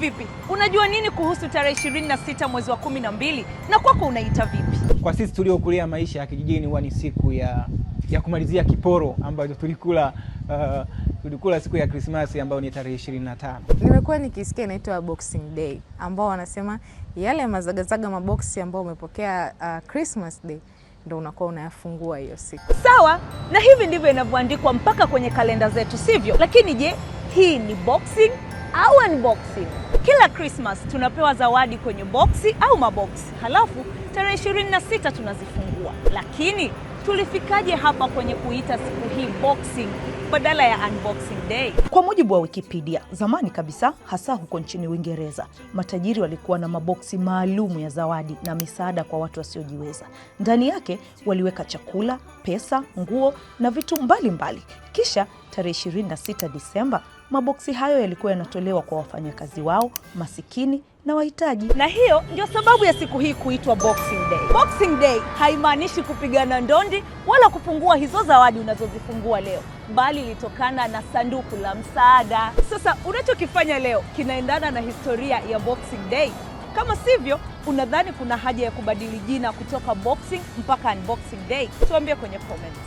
vipi? Unajua nini kuhusu tarehe 26 mwezi wa 12 na na kwako unaita vipi? Kwa sisi tuliokulia maisha ya kijijini huwa ni siku ya ya kumalizia kiporo ambacho tulikula uh, tulikula siku ya Krismasi ambayo ni tarehe 25. Nimekuwa nikisikia inaitwa Boxing Day ambao wanasema yale mazagazaga maboksi ambayo umepokea uh, Christmas Day ndo unakuwa unayafungua hiyo siku. Sawa, na hivi ndivyo inavyoandikwa mpaka kwenye kalenda zetu, sivyo? Lakini je, hii ni Boxing au unboxing. Kila Christmas tunapewa zawadi kwenye boksi au maboksi, halafu tarehe 26 tunazifungua. Lakini tulifikaje hapa kwenye kuita siku hii boxing badala ya unboxing day? Kwa mujibu wa Wikipedia, zamani kabisa, hasa huko nchini Uingereza, matajiri walikuwa na maboksi maalumu ya zawadi na misaada kwa watu wasiojiweza. Ndani yake waliweka chakula, pesa, nguo na vitu mbalimbali mbali. Kisha tarehe 26 Disemba Maboksi hayo yalikuwa yanatolewa kwa wafanyakazi wao masikini na wahitaji, na hiyo ndio sababu ya siku hii kuitwa Boxing Day. Boxing Day haimaanishi kupigana ndondi wala kupungua hizo zawadi unazozifungua leo, bali ilitokana na sanduku la msaada. Sasa unachokifanya leo kinaendana na historia ya Boxing Day? Kama sivyo, unadhani kuna haja ya kubadili jina kutoka boxing mpaka unboxing day? Tuambie kwenye comments.